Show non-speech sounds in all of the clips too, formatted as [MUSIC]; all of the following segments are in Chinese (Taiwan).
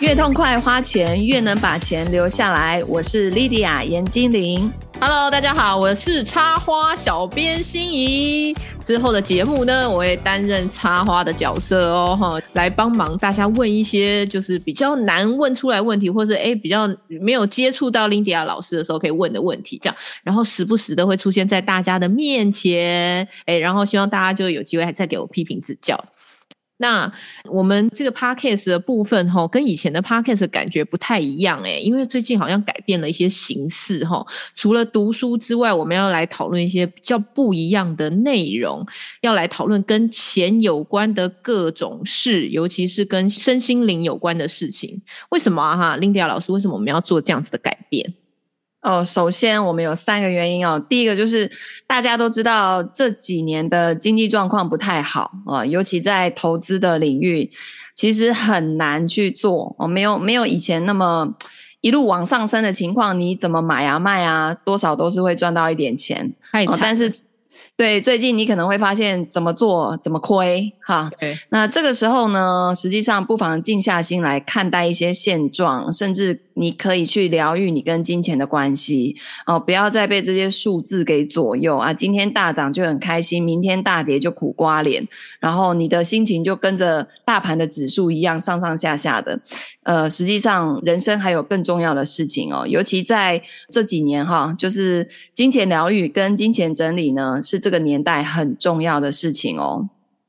越痛快花錢，越能把錢留下來。我是莉迪亞，顏菁羚。Hello，大家好，我是插花小編欣儀。之後的節目呢，我會擔任插花的角色哦，哈，來幫忙大家問一些就是比較難問出來問題，或是誒比較沒有接觸到莉迪亞老師的時候可以問的問題，這樣。然後時不時的會出現在大家的面前，誒然後希望大家就有機會還再給我批評指教。那我們這個 podcast 的部分哈、哦，跟以前的 podcast 感覺不太一樣誒，因為最近好像改變了一些形式哈、哦。除了讀書之外，我們要來討論一些比較不一樣的內容，要來討論跟錢有關的各種事，尤其是跟身心靈有關的事情。為什麼、啊、哈，Lidia 老師，為什麼我們要做這樣子的改變？哦，首先我們有三個原因哦。第一個就是大家都知道這幾年的經濟狀況不太好啊、呃，尤其在投資的領域，其實很難去做。哦，沒有沒有以前那麼一路往上升的情況，你怎麼買啊賣啊，多少都是會賺到一點錢。太慘！了。哦、但是。對，最近你可能會發現怎麼做怎麼虧哈。Okay. 那這個時候呢，實際上不妨靜下心來看待一些現狀，甚至你可以去療癒你跟金錢的關係哦，不要再被這些數字給左右啊。今天大漲就很開心，明天大跌就苦瓜臉，然後你的心情就跟着大盤的指數一樣上上下下的。呃，實際上人生還有更重要的事情哦，尤其在這幾年哈，就是金錢療癒跟金錢整理呢，是這個。這個年代很重要的事情哦，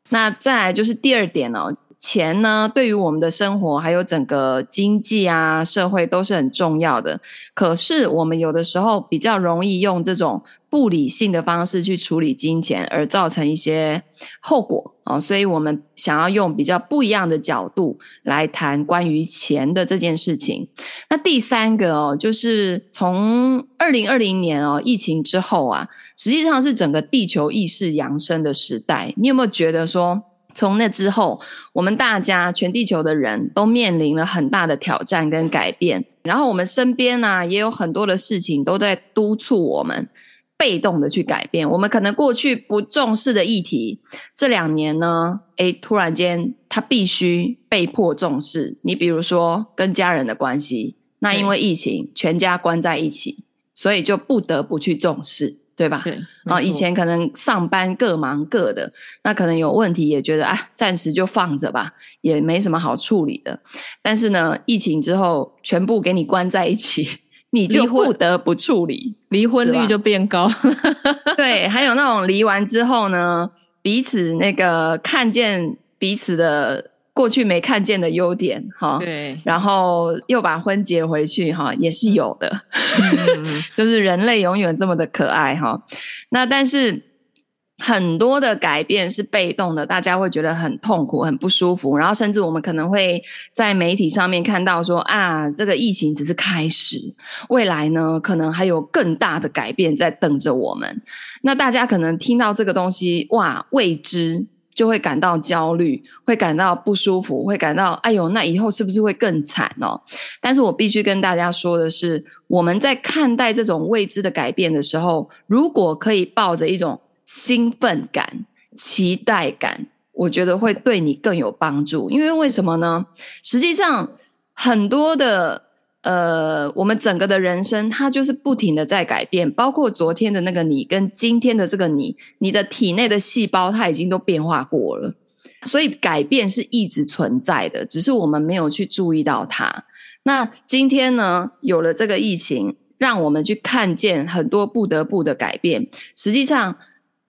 那再來就是第二點哦。錢呢，對於我們的生活還有整個經濟啊、社會都是很重要的。可是我們有的時候比較容易用這種不理性的方式去處理金錢，而造成一些後果哦，所以我們想要用比較不一樣的角度來談關於錢的這件事情。那第三個哦，就是從二零二零年哦，疫情之後啊，實際上是整個地球意識揚升的時代。你有沒有覺得說？從那之後，我們大家全地球的人都面臨了很大的挑戰跟改變。然後我們身邊呢、啊，也有很多的事情都在督促我們被動的去改變。我們可能過去不重視的議題，這兩年呢，誒，突然間它必須被迫重視。你比如說跟家人的關係，那因為疫情，全家關在一起，所以就不得不去重視。對吧？對啊，以前可能上班各忙各的，那可能有問題也覺得啊，暫時就放着吧，也沒什麼好處理的。但是呢，疫情之後全部給你關在一起，你就不得不處理，離婚率吧就變高。 [LAUGHS] 對，還有那種離完之後呢，彼此那個看見彼此的。過去沒看見的優點，哈，對，然後又把婚結回去，哈，也是有的， [LAUGHS] 就是人類永遠這麼的可愛，哈。那但是很多的改變是被動的，大家會覺得很痛苦、很不舒服，然後甚至我們可能會在媒體上面看到說啊，這個疫情只是開始，未來呢可能還有更大的改變在等着我們。那大家可能聽到這個東西，哇，未知。就會感到焦慮，會感到不舒服，會感到哎呦，那以後是不是會更慘哦？但是我必須跟大家說的是，我們在看待這種未知的改變的時候，如果可以抱着一種興奮感、期待感，我覺得會對你更有幫助。因為為什麼呢？實際上很多的。呃，我們整個的人生，它就是不停的在改變，包括昨天的那個你跟今天的這個你，你的體內的細胞它已經都變化過了，所以改變是一直存在的，只是我們沒有去注意到它。那今天呢，有了這個疫情，讓我們去看見很多不得不的改變，實際上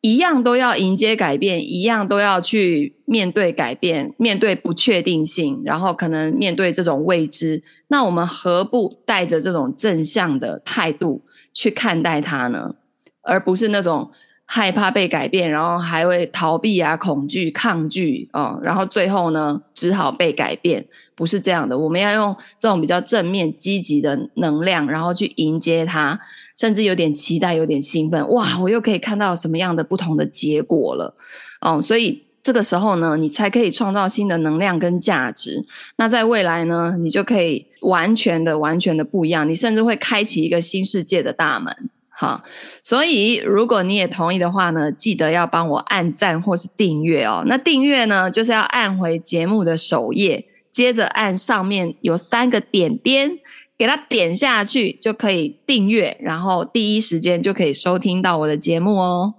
一樣都要迎接改變，一樣都要去面對改變，面對不確定性，然後可能面對這種未知。那我們何不帶着這種正向的態度去看待它呢？而不是那種害怕被改變，然後還會逃避啊、恐懼、抗拒啊、哦，然後最後呢只好被改變，不是這樣的。我們要用這種比較正面、積極的能量，然後去迎接它，甚至有點期待、有點興奮，哇，我又可以看到什麼樣的不同的結果了，哦，所以。這個時候呢，你才可以創造新的能量跟價值。那在未來呢，你就可以完全的、完全的不一樣。你甚至會開啟一個新世界的大門。好，所以如果你也同意的話呢，記得要幫我按讚或是訂閱哦。那訂閱呢，就是要按回節目的首頁，接着按上面有三個點點，給它點下去就可以訂閱，然後第一時間就可以收聽到我的節目哦。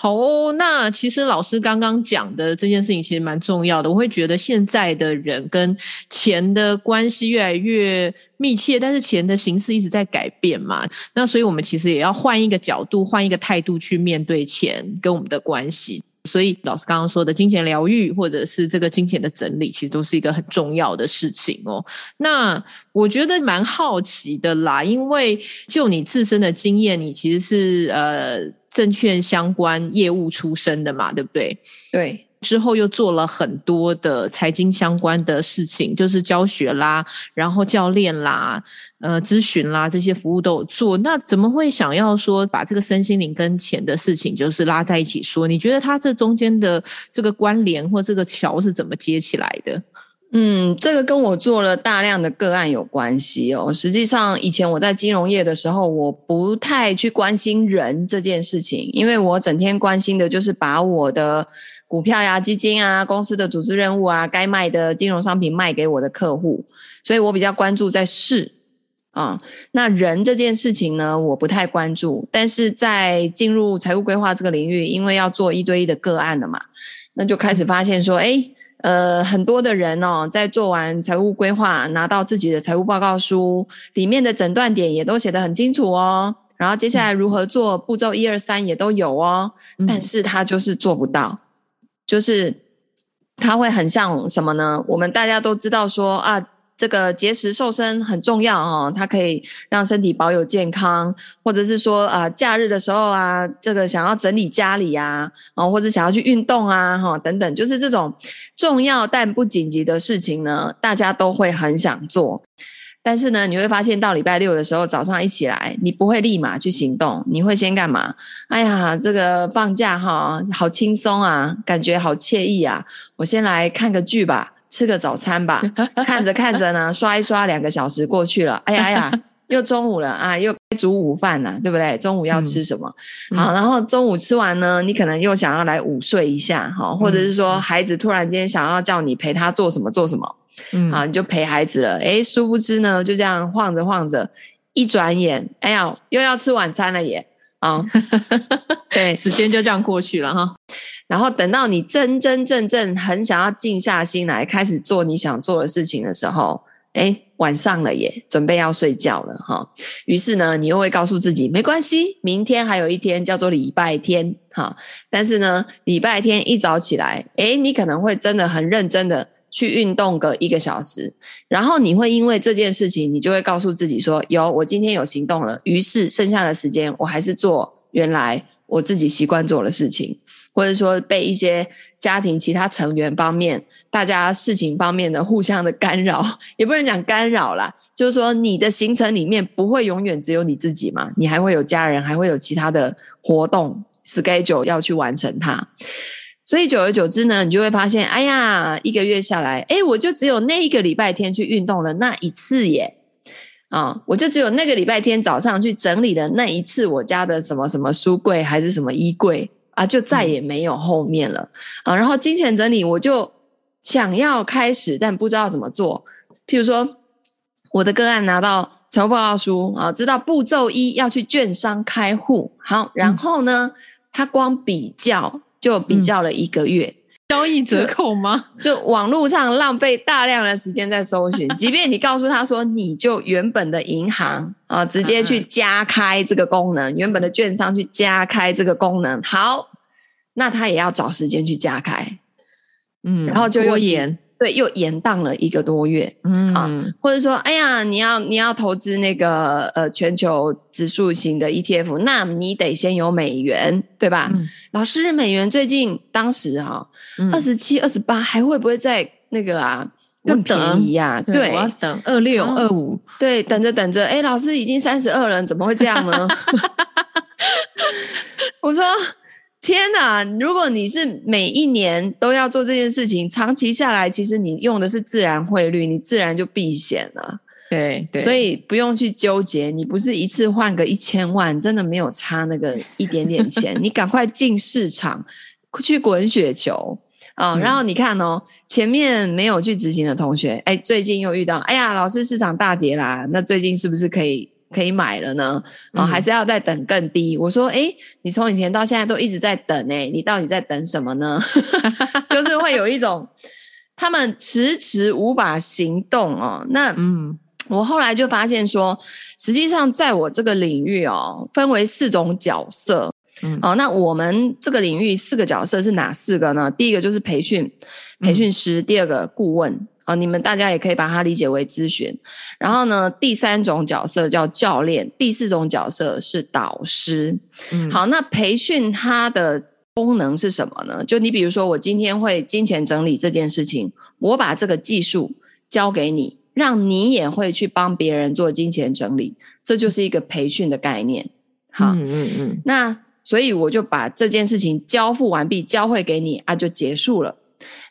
好哦，oh, 那其實老師剛剛講的這件事情其實蠻重要的。我會覺得現在的人跟錢的關係越來越密切，但是錢的形式一直在改變嘛。那所以我們其實也要換一個角度，換一個態度去面對錢跟我們的關係。所以老師剛剛說的金錢療癒，或者是這個金錢的整理，其實都是一個很重要的事情哦。那我覺得蠻好奇的啦，因為就你自身的經驗，你其實是呃。證券相關業務出身的嘛，對不對？對，之後又做了很多的財經相關的事情，就是教學啦，然後教練啦，呃，諮詢啦，這些服務都有做。那怎麼會想要說把這個身心靈跟錢的事情就是拉在一起說？你覺得它這中間的這個關聯或這個橋是怎麼接起來的？嗯，這個跟我做了大量的個案有關係哦。實際上，以前我在金融業的時候，我不太去關心人這件事情，因為我整天關心的就是把我的股票呀、基金啊、公司的組織任務啊，該賣的金融商品賣給我的客戶。所以我比較關注在事啊，那人這件事情呢，我不太關注。但是在進入財務規劃這個領域，因為要做一對一的個案了嘛，那就開始發現說，哎。呃，很多的人哦，在做完財務規劃，拿到自己的財務報告書，裡面的診斷點也都寫得很清楚哦，然後接下來如何做，步驟一二三也都有哦，嗯、但是他就是做不到，嗯、就是他會很像什麼呢？我們大家都知道說啊。這個節食瘦身很重要齁，它可以讓身體保有健康，或者是說啊，假日的時候啊，這個想要整理家裡啊，齁，或者想要去運動啊，齁，等等，就是這種重要但不緊急的事情呢，大家都會很想做。但是呢，你會發現到禮拜六的時候，早上一起來，你不會立馬去行動，你會先幹嘛？哎呀，這個放假齁，好輕鬆啊，感覺好愜意啊，我先來看個劇吧。吃個早餐吧，看着看着呢，刷一刷，兩個小時過去了，哎呀哎呀，又中午了啊，又該煮午飯了，對不對？中午要吃什麼？嗯、好，然後中午吃完呢，你可能又想要來午睡一下，哈，或者是說孩子突然間想要叫你陪他做什麼做什麼，嗯，啊，你就陪孩子了，嗯、誒，殊不知呢，就這樣晃着晃着，一轉眼，哎呀，又要吃晚餐了耶。啊，好 [LAUGHS] 對，時間就這樣過去了哈。 [LAUGHS] 然後等到你真真正正很想要靜下心來，開始做你想做的事情的時候，哎、欸，晚上了耶，準備要睡覺了哈。於是呢，你又會告訴自己，沒關係，明天還有一天叫做禮拜天哈。但是呢，禮拜天一早起來，哎、欸，你可能會真的很認真的。去運動個一個小時，然後你會因為這件事情，你就會告訴自己說：“有，我今天有行動了。”於是剩下的時間，我還是做原來我自己習慣做的事情，或者說被一些家庭其他成員方面、大家事情方面的互相的干擾，也不能講干擾啦。就是說你的行程裡面不會永遠只有你自己嘛，你還會有家人，還會有其他的活動 schedule 要去完成它。所以久而久之呢，你就會發現，哎呀，一個月下來，誒、欸、我就只有那一個禮拜天去運動了那一次耶，啊，我就只有那個禮拜天早上去整理了那一次我家的什麼什麼書櫃還是什麼衣櫃啊，就再也沒有後面了、嗯、啊。然後金錢整理，我就想要開始，但不知道怎麼做。譬如說，我的個案拿到財務報告書啊，知道步驟一要去券商開戶，好，然後呢，嗯、他光比較。就比較了一個月，嗯、交易折扣嗎？就，就網絡上浪費大量的時間在搜尋， [LAUGHS] 即便你告訴他說，你就原本的銀行啊、 [LAUGHS] 呃，直接去加開這個功能，啊、原本的券商去加開這個功能，好，那他也要找時間去加開，嗯，然後就拖延。我對，又延宕了一個多月，嗯啊，或者說，哎呀，你要你要投資那個呃全球指數型的 ETF，那你得先有美元，對吧？嗯，老師，美元最近當時哈、啊，二十七、二十八，還會不會在那個啊更便宜呀、啊？我得對，等二六、二五，26, 嗯、對，等着等着，誒，老師已經三十二了，怎麼會這樣呢？ [LAUGHS] [LAUGHS] 我說。天哪！如果你是每一年都要做這件事情，長期下來，其實你用的是自然匯率，你自然就避險了。對，對。所以不用去糾結。你不是一次換個一千萬，真的沒有差那個一點點錢。 [LAUGHS] 你趕快進市場，去滾雪球啊！Uh, 嗯，然後你看哦，前面沒有去執行的同學，哎，最近又遇到，哎呀，老師市場大跌啦，那最近是不是可以？可以買了呢？哦，還是要再等更低？嗯、我說，誒、欸、你從以前到現在都一直在等，欸，誒你到底在等什麼呢？ [LAUGHS] 就是會有一種 [LAUGHS] 他們遲遲無法行動哦。那嗯，我後來就發現說，實際上在我這個領域哦，分為四種角色，嗯、哦。那我們這個領域四個角色是哪四個呢？第一個就是培訓培訓師，嗯、第二個顧問。啊，你們大家也可以把它理解為諮詢。然後呢，第三種角色叫教練，第四種角色是導師。嗯、好，那培訓它的功能是什麼呢？就你比如說，我今天會金錢整理這件事情，我把這個技術交給你，讓你也會去幫別人做金錢整理，這就是一個培訓的概念。好，嗯嗯嗯。那所以我就把這件事情交付完畢，教會給你啊，就結束了。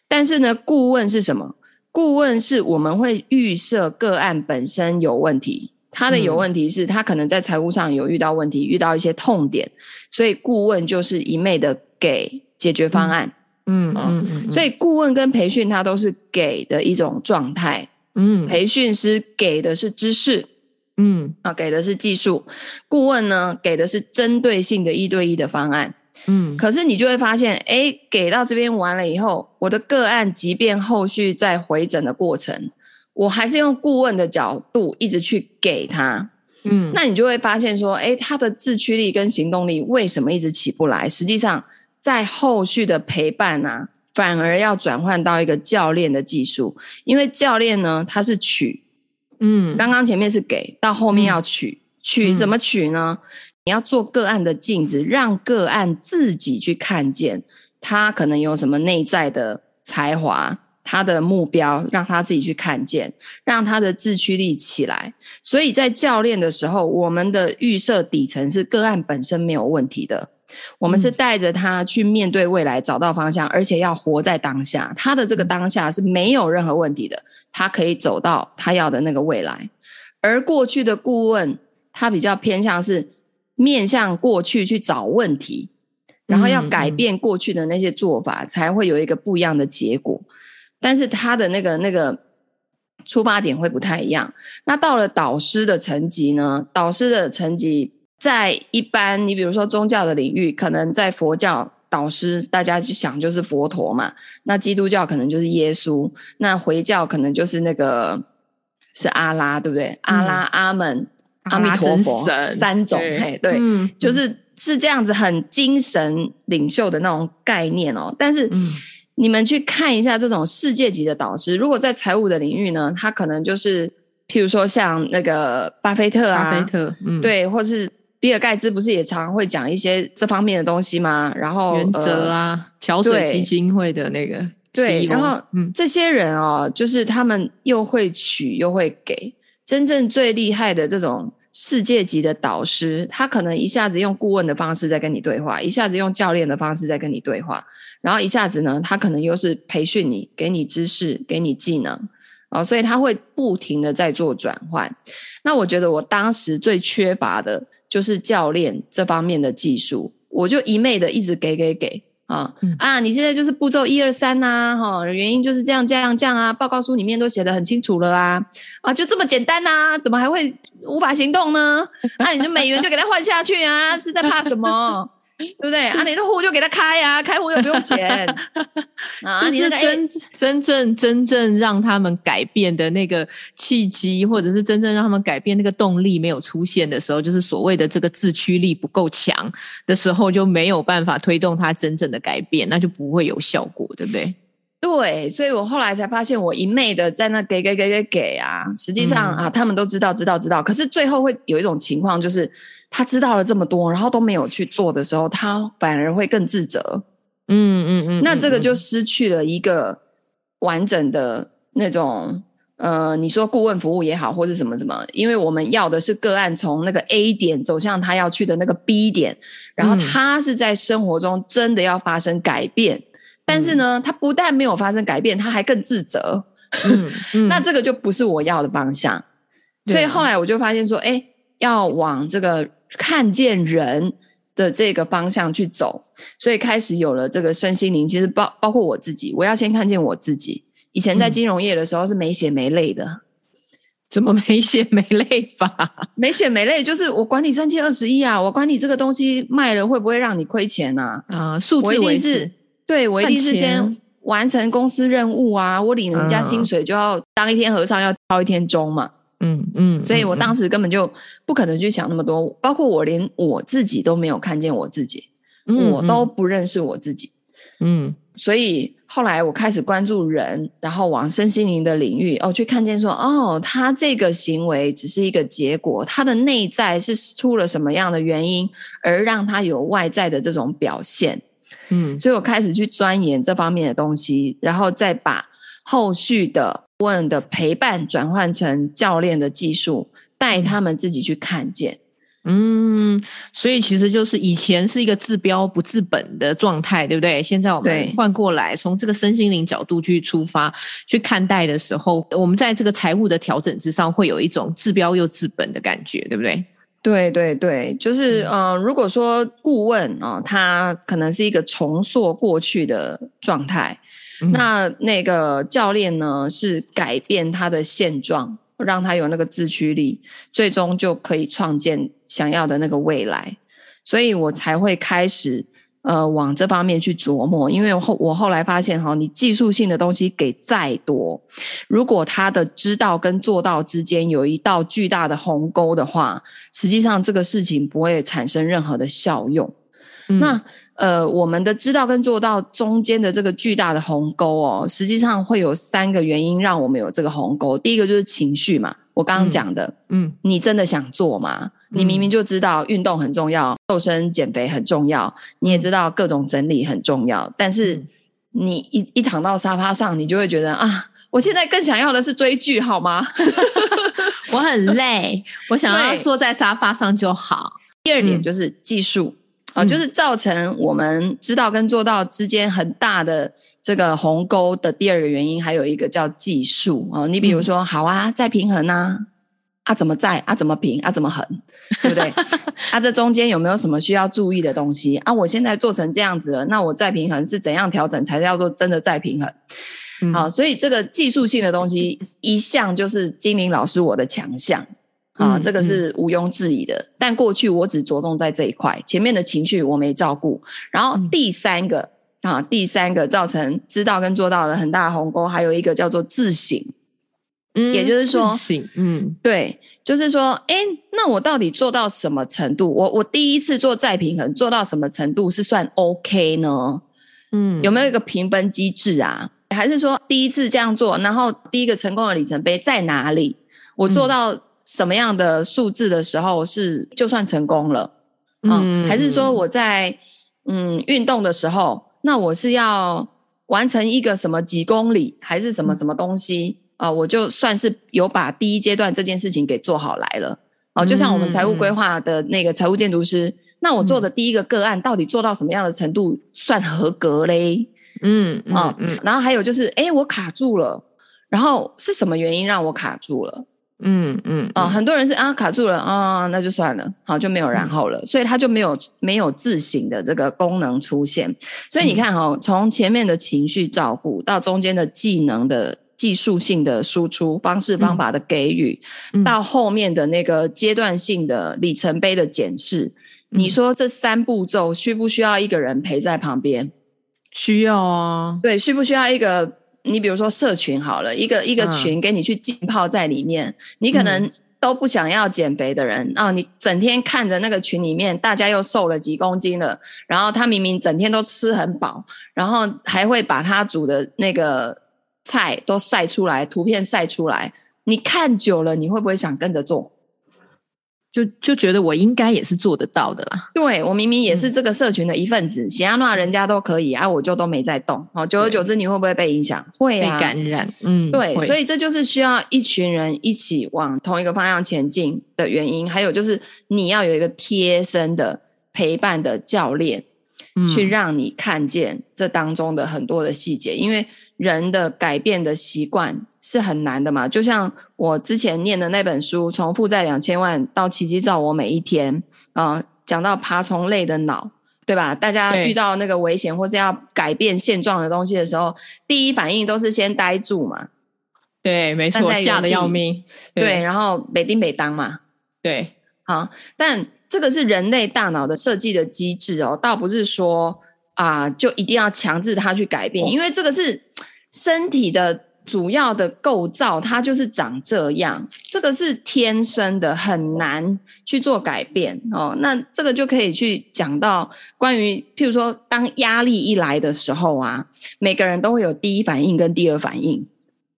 但是呢，顧問是什麼？顧問是我們會預設個案本身有問題，他的有問題是他可能在財務上有遇到問題，嗯、遇到一些痛點，所以顧問就是一味的給解決方案。嗯嗯，嗯，嗯，所以顧問跟培訓他都是給的一種狀態。嗯，培訓師給的是知識。嗯啊，給的是技術。顧問呢，給的是針對性的一對一的方案。嗯，可是你就會發現，誒，給到這邊完了以後，我的個案即便後續再回診的過程，我還是用顧問的角度一直去給他，嗯，那你就會發現說，誒，他的自驅力跟行動力為什麼一直起不來？實際上，在後續的陪伴啊，反而要轉換到一個教練的技術，因為教練呢，他是取，嗯，剛剛前面是給到後面要取，嗯，取，怎麼取呢？嗯你要做個案的鏡子，讓個案自己去看見他可能有什麼內在的才華，他的目標，讓他自己去看見，讓他的自驅力起來。所以在教練的時候，我們的預設底層是個案本身沒有問題的，我們是帶着他去面對未來，找到方向，而且要活在當下。他的這個當下是沒有任何問題的，他可以走到他要的那個未來。而過去的顧問，他比較偏向是，面向過去去找問題，然後要改變過去的那些做法，嗯嗯，才會有一個不一樣的結果。但是他的那個那個出發點會不太一樣。那到了導師的層級呢？導師的層級在一般，你比如說宗教的領域，可能在佛教，導師大家就想就是佛陀嘛。那基督教可能就是耶穌，那回教可能就是那個是阿拉，對不對？阿拉、嗯、阿門。阿彌陀佛，三種，哎，對，對嗯、就是是這樣子，很精神領袖的那種概念哦。但是你們去看一下這種世界級的導師，嗯、如果在財務的領域呢，他可能就是，譬如說像那個巴菲特啊，巴菲特，嗯，對，或是比爾蓋茨，不是也常，常會講一些這方面的東西嗎？然後原則啊，呃、橋水基金會的那個，對，然後嗯，這些人哦，就是他們又會取又會給，真正最厲害的這種。世界級的導師，他可能一下子用顧問的方式在跟你對話，一下子用教練的方式在跟你對話，然後一下子呢，他可能又是培訓你，給你知識，給你技能，哦，所以他會不停的在做轉換。那我覺得我當時最缺乏的就是教練這方面的技術，我就一昧的一直給給給。啊、哦嗯、啊！你現在就是步驟一二三吶、啊，哈、哦，原因就是這樣這樣這樣啊，報告書裡面都寫得很清楚了啦、啊，啊，就這麼簡單吶、啊，怎麼還會無法行動呢？那、啊、你的美元就給他換下去啊， [LAUGHS] 是在怕什麼？對不對？啊，你的戶就給他開呀、啊， [LAUGHS] 開戶又不用錢。 [LAUGHS] 啊，就是真你、那個、真正真正讓他們改變的那個契機， [LAUGHS] 或者是真正讓他們改變那個動力沒有出現的時候，就是所謂的這個自驅力不夠強的時候，就沒有辦法推動他真正的改變，那就不會有效果，對不對？對，所以我後來才發現，我一昧的在那給給給給給啊，實際上啊，嗯、他們都知道知道知道，可是最後會有一種情況就是。他知道了這麼多，然後都沒有去做的時候，他反而會更自責。嗯嗯嗯，嗯嗯，那這個就失去了一個完整的那種、嗯、呃，你說顧問服務也好，或是什麼什麼，因為我們要的是個案從那個 A 點走向他要去的那個 B 點，然後他是在生活中真的要發生改變，嗯、但是呢，他不但沒有發生改變，他還更自責。 [LAUGHS] 嗯嗯、那這個就不是我要的方向。所以後來我就發現說，哎、啊，要往這個。看見人的這個方向去走，所以開始有了這個身心靈。其實包包括我自己，我要先看見我自己。以前在金融業的時候是沒血沒淚的，怎麼沒血沒淚法？沒血沒淚就是我管你三七二十一啊，我管你這個東西賣了會不會讓你虧錢啊？啊，我一定是對我一定是先完成公司任務啊，我領人家薪水就要當一天和尚要敲一天鐘嘛。嗯嗯，嗯，所以我當時根本就不可能去想那麼多，嗯嗯、包括我連我自己都沒有看見我自己，嗯嗯、我都不認識我自己。嗯，所以後來我開始關注人，然後往身心靈的領域哦去看見說，哦，他這個行為只是一個結果，他的內在是出了什麼樣的原因，而讓他有外在的這種表現。嗯，所以我開始去鑽研這方面的東西，然後再把後續的。顧問的陪伴轉換成教練的技術，帶他們自己去看見。嗯，所以其實就是以前是一個治標不治本的狀態，對不對？現在我們換過來，對從這個身心靈角度去出發去看待的時候，我們在這個財務的調整之上，會有一種治標又治本的感覺，對不對？對對對，就是嗯、呃，如果說顧問啊，他、呃、可能是一個重塑過去的狀態。嗯、那那個教練呢，是改變他的現狀，讓他有那個自驅力，最終就可以創建想要的那個未來。所以我才會開始呃往這方面去琢磨，因為我後我後來發現哈，你技術性的東西給再多，如果他的知道跟做到之間有一道巨大的鴻溝的話，實際上這個事情不會產生任何的效用。嗯、那。呃，我們的知道跟做到中間的這個巨大的鴻溝哦，實際上會有三個原因讓我們有這個鴻溝。第一個就是情緒嘛，我剛剛講的，嗯，你真的想做嗎？嗯、你明明就知道運動很重要，瘦身減肥很重要，你也知道各種整理很重要，但是你一一躺到沙發上，你就會覺得、嗯、啊，我現在更想要的是追劇好嗎？ [LAUGHS] [LAUGHS] 我很累，我想要坐在沙發上就好。對第二點就是技術。嗯啊、哦，就是造成我們知道跟做到之間很大的這個鴻溝的第二個原因，還有一個叫技術啊、哦。你比如說，嗯、好啊，再平衡啊，啊怎麼再啊怎麼平啊怎麼衡，對不對？ [LAUGHS] 啊，這中間有沒有什麼需要注意的東西？啊，我現在做成這樣子了，那我再平衡是怎樣調整才叫做真的再平衡？好、嗯哦，所以這個技術性的東西一向就是菁羚老師我的強項。啊，這個是毋庸置疑的。嗯嗯、但過去我只着重在這一塊，前面的情緒我沒照顧。然後第三個、嗯、啊，第三個造成知道跟做到的很大鴻溝，還有一個叫做自省。嗯，也就是說，自省嗯，對，就是說，哎、欸，那我到底做到什麼程度？我我第一次做再平衡做到什麼程度是算 OK 呢？嗯，有沒有一個評分機制啊？還是說第一次這樣做，然後第一個成功的里程碑在哪裡？我做到、嗯。什麼樣的數字的時候是就算成功了？嗯，還是說我在嗯運動的時候，那我是要完成一個什麼幾公里，還是什麼什麼東西啊？我就算是有把第一階段這件事情給做好來了。哦，就像我們財務規劃的那個財務建築師，那我做的第一個個案到底做到什麼樣的程度算合格嘞？嗯，嗯。然後還有就是，哎，我卡住了，然後是什麼原因讓我卡住了？嗯嗯啊、哦，很多人是啊卡住了啊、哦，那就算了，好，就沒有然後了，嗯、所以他就沒有沒有自省的這個功能出現。所以你看哈、哦，從、嗯、前面的情緒照顧到中間的技能的技術性的輸出方式方法的給予，嗯、到後面的那個階段性的里程碑的檢視，嗯、你說這三步驟需不需要一個人陪在旁邊？需要啊，對，需不需要一個？你比如說社群好了，一個一個群給你去浸泡在裡面，嗯、你可能都不想要減肥的人，嗯、啊，你整天看着那個群裡面大家又瘦了幾公斤了，然後他明明整天都吃很飽，然後還會把他煮的那個菜都曬出來，圖片曬出來，你看久了你會不會想跟着做？就就覺得我應該也是做得到的啦。對，我明明也是這個社群的一份子，嫌要罵人家都可以啊，我就都沒在動。好，久而久之，你會不會被影響？對會、啊，被感染。嗯，對，會所以這就是需要一群人一起往同一個方向前進的原因。還有就是你要有一個貼身的陪伴的教練，去讓你看見這當中的很多的細節，嗯、因為人的改變的習慣。是很難的嘛？就像我之前念的那本書，從負債兩千萬到奇蹟照我每一天啊、呃，講到爬蟲類的腦，對吧？大家遇到那個危險或是要改變現狀的東西的時候，對第一反應都是先呆住嘛。對，沒錯，嚇得要命。對，對，然後沒定沒噹嘛。對，好、啊，但這個是人類大腦的設計的機制哦，倒不是說啊、呃，就一定要強制它去改變，哦、因為這個是身體的。主要的構造，它就是長這樣，這個是天生的，很難去做改變哦。那這個就可以去講到關於，譬如說，當壓力一來的時候啊，每個人都會有第一反應跟第二反應啊、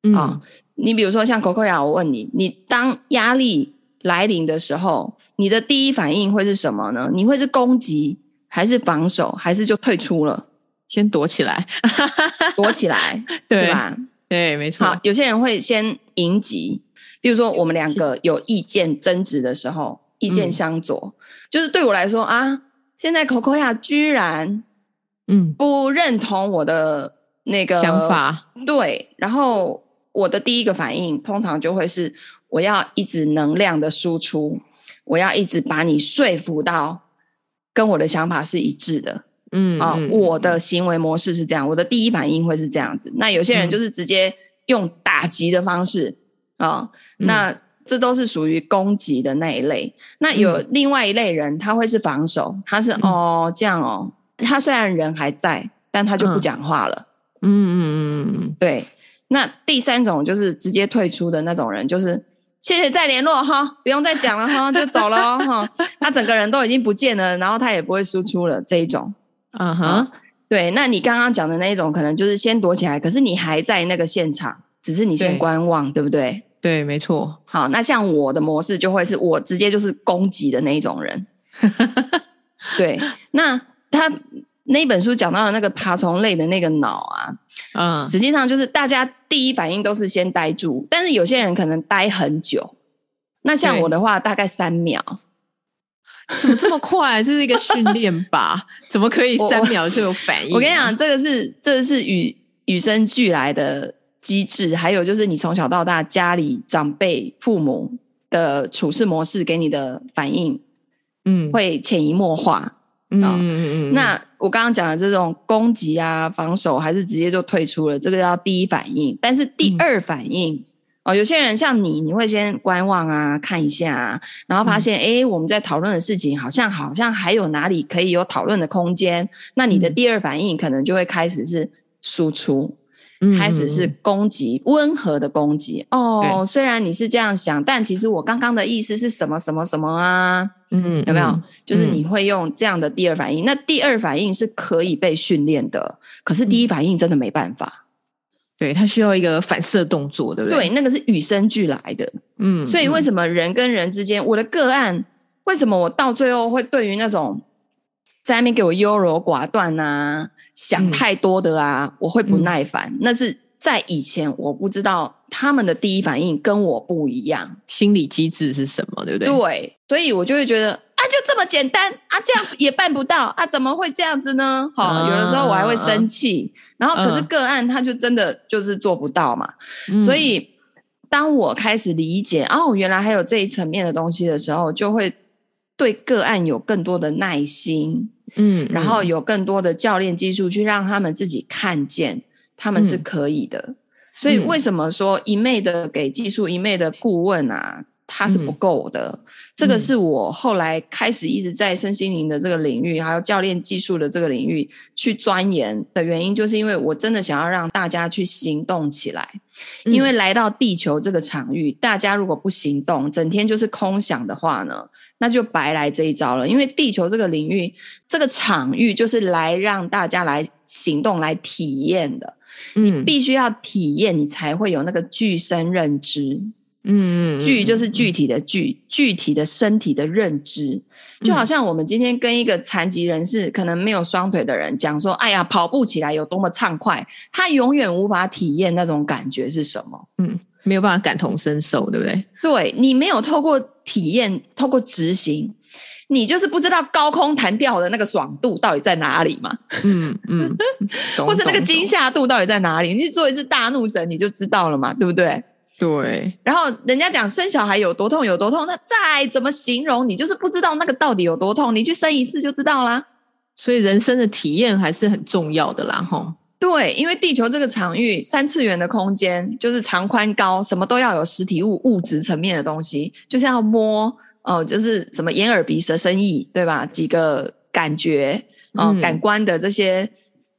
嗯哦。你比如說像 Coco 哇，我問你，你當壓力來臨的時候，你的第一反應會是什麼呢？你會是攻擊，還是防守，還是就退出了，先躲起來， [LAUGHS] 躲起來， [LAUGHS] 對吧？對，沒錯。好，有些人會先迎擊，比如說我們兩個有意見爭執的時候，嗯、意見相左，就是對我來說啊，現在 Cocoa 居然嗯不認同我的那個想法，嗯、對。然後我的第一個反應通常就會是，我要一直能量的輸出，我要一直把你說服到跟我的想法是一致的。哦、嗯啊，嗯我的行為模式是這樣，我的第一反應會是這樣子。那有些人就是直接用打擊的方式啊、嗯哦，那這都是屬於攻擊的那一類。那有另外一類人，嗯、他會是防守，他是、嗯、哦這樣哦，他雖然人還在，但他就不講話了。嗯嗯嗯嗯，嗯對。那第三種就是直接退出的那種人，就是、嗯、謝謝再聯絡哈，不用再講了哈， [LAUGHS] 就走了哈。他整個人都已經不見了，然後他也不會輸出了這一種。啊哈、uh huh. 嗯，對，那你剛剛講的那一種，可能就是先躲起來，可是你還在那個現場，只是你先觀望，對，對不對？對，沒錯。好，那像我的模式就會是我直接就是攻擊的那種人。 [LAUGHS] 對，那他那本書講到的那個爬蟲類的那個腦啊、啊、uh，huh. 實際上就是大家第一反應都是先呆住，但是有些人可能呆很久。那像我的話，大概三秒。怎麼這麼快？ [LAUGHS] 這是一個訓練吧？怎麼可以三秒就有反應？我，我跟你講，這個是，這個是與與生俱來的機制，還有就是你從小到大家裡長輩父母的處事模式給你的反應，嗯，會潛移默化。嗯。知道？嗯嗯嗯。那我剛剛講的這種攻擊啊、防守，還是直接就退出了，這個叫第一反應，但是第二反應。嗯哦、有些人像你，你會先觀望啊，看一下，啊，然後發現，哎、嗯，我們在討論的事情好像好像還有哪裡可以有討論的空間。那你的第二反應可能就會開始是輸出，嗯、開始是攻擊，嗯、溫和的攻擊。哦，對雖然你是這樣想，但其實我剛剛的意思是什麼什麼什麼啊？嗯，有沒有？嗯、就是你會用這樣的第二反應？嗯、那第二反應是可以被訓練的，可是第一反應真的沒辦法。嗯對，他需要一個反射動作，對不對？對，那個是與生俱來的，嗯。所以為什麼人跟人之間，嗯、我的個案為什麼我到最後會對於那種在那邊給我優柔寡斷啊、嗯、想太多的啊，我會不耐煩？嗯、那是在以前我不知道他們的第一反應跟我不一樣，心理機制是什麼，對不對？對，所以我就會覺得啊，就這麼簡單啊，這樣也辦不到啊，怎麼會這樣子呢？嗯、好，有的時候我還會生氣。嗯然後可是個案他就真的就是做不到嘛，所以當我開始理解哦，原來還有這一層面的東西的時候，就會對個案有更多的耐心，嗯，然後有更多的教練技術去讓他們自己看見他們是可以的。所以為什麼說一昧的給技術一昧的顧問啊？它是不夠的、嗯，這個是我後來開始一直在身心靈的這個領域，還有教練技術的這個領域去鑽研的原因，就是因為我真的想要讓大家去行動起來。因為來到地球這個場域，大家如果不行動，整天就是空想的話呢，那就白來這一遭了。因為地球這個領域，這個場域就是來讓大家來行動、來體驗的。你必須要體驗，你才會有那個具身認知。嗯，具、嗯、就是具體的具，嗯、具體的身體的認知，嗯、就好像我們今天跟一個殘疾人士，可能沒有雙腿的人講說，哎呀，跑步起來有多麼暢快，他永遠無法體驗那種感覺是什麼，嗯，沒有辦法感同身受，對不對？對，你沒有透過體驗，透過執行，你就是不知道高空彈跳的那個爽度到底在哪裡嘛、嗯，嗯嗯， [LAUGHS] 懂懂或是那個驚嚇度到底在哪裡？你做一次大怒神你就知道了嘛，對不對？對，然後人家講生小孩有多痛有多痛，那再怎麼形容你，你就是不知道那個到底有多痛，你去生一次就知道啦。所以人生的體驗還是很重要的啦，吼。對，因為地球這個場域，三次元的空間就是長寬高，什麼都要有實體物、物質層面的東西，就像、是、要摸，哦、呃，就是什麼眼耳鼻舌身意，對吧？幾個感覺，哦、呃，嗯、感官的這些。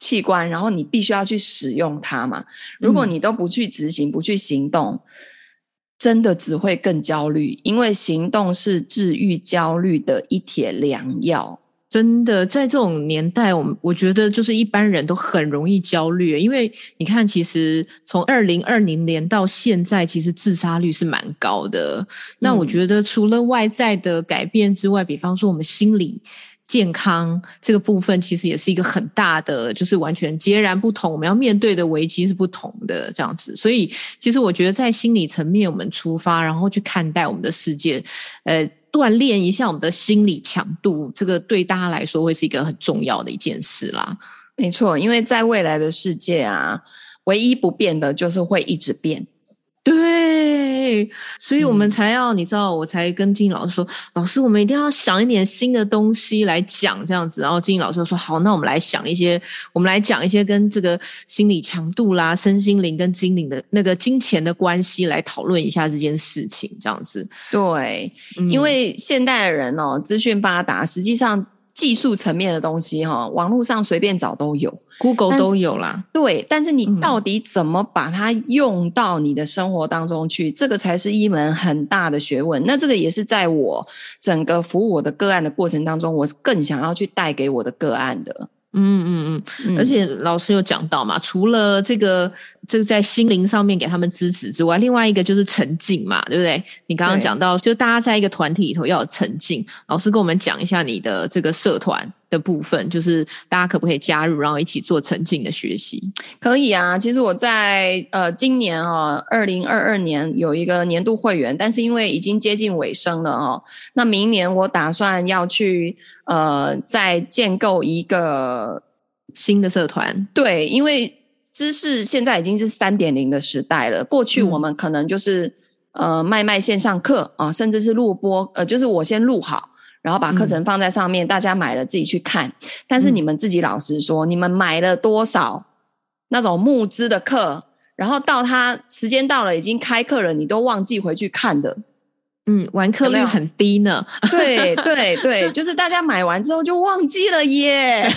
器官，然後你必須要去使用它嘛。如果你都不去執行、嗯、不去行動，真的只會更焦慮。因為行動是治癒焦慮的一帖良藥。真的，在這種年代，我們我覺得就是一般人都很容易焦慮。因為你看，其實從二零二零年到現在，其實自殺率是蠻高的。嗯、那我覺得，除了外在的改變之外，比方說我們心理。健康這個部分其實也是一個很大的，就是完全截然不同。我們要面對的危機是不同的這樣子，所以其實我覺得在心理層面我們出發，然後去看待我們的世界，呃，鍛鍊一下我們的心理強度，這個對大家來說會是一個很重要的一件事啦。沒錯，因為在未來的世界啊，唯一不變的就是會一直變。對。所以，所以我們才要、嗯、你知道，我才跟菁羚老師說，老師，我們一定要想一點新的東西來講這樣子。然後，菁羚老師說，好，那我們來想一些，我們來講一些跟這個心理強度啦、身心靈跟精靈的那個金錢的關係來討論一下這件事情，這樣子。對，嗯、因為現代的人哦，資訊發達，實際上。技術層面的東西哈，網絡上隨便找都有，Google 都有啦。是對，但是你到底怎麼把它用到你的生活當中去，嗯、哼這個才是一門很大的學問。那這個也是在我整個服務我的個案的過程當中，我更想要去帶給我的個案的。嗯嗯嗯，而且老師有講到嘛，嗯、除了這個這個在心靈上面給他們支持之外，另外一個就是沉浸嘛，對不對？你剛剛講到，對就大家在一個團體裡頭要有沉浸，老師跟我們講一下你的這個社團。的部分就是大家可不可以加入，然後一起做沉浸的學習？可以啊，其實我在呃今年啊二零二二年有一個年度會員，但是因為已經接近尾聲了哦，那明年我打算要去呃再建構一個新的社團。對，因為知識現在已經是三點零的時代了，過去我們可能就是、嗯、呃賣賣線上課啊、呃，甚至是錄播，呃就是我先錄好。然後把課程放在上面，嗯、大家買了自己去看。但是你們自己老實說，嗯、你們買了多少那種募資的課？然後到他時間到了，已經開課了，你都忘記回去看的。嗯，完課率很低呢？對對對，對對 [LAUGHS] 就是大家買完之後就忘記了耶，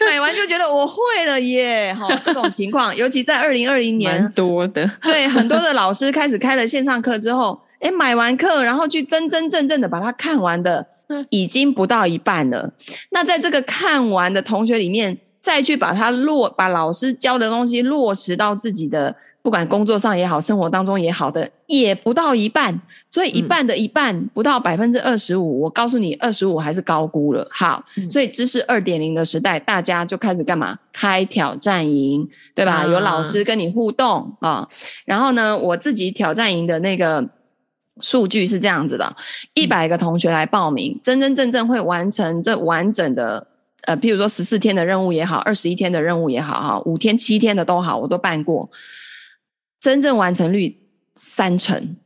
[LAUGHS] 買完就覺得我會了耶。好，這種情況尤其在二零二零年多的，對，很多的老師開始開了線上課之後。哎，買完課，然後去真真正正的把它看完的，已經不到一半了。那在這個看完的同學裡面，再去把它落，把老師教的東西落實到自己的，不管工作上也好，生活當中也好的，也不到一半。所以一半的一半不到百分之二十五。嗯、我告訴你，二十五還是高估了。好，嗯、所以知識二點零的時代，大家就開始幹嘛？開挑戰營，對吧？啊、有老師跟你互動啊。然後呢，我自己挑戰營的那個。數據是這樣子的：一百個同學來報名，真、嗯、真正正會完成這完整的，呃，譬如說十四天的任務也好，二十一天的任務也好，好，哈，五天、七天的都好，我都辦過。真正完成率三成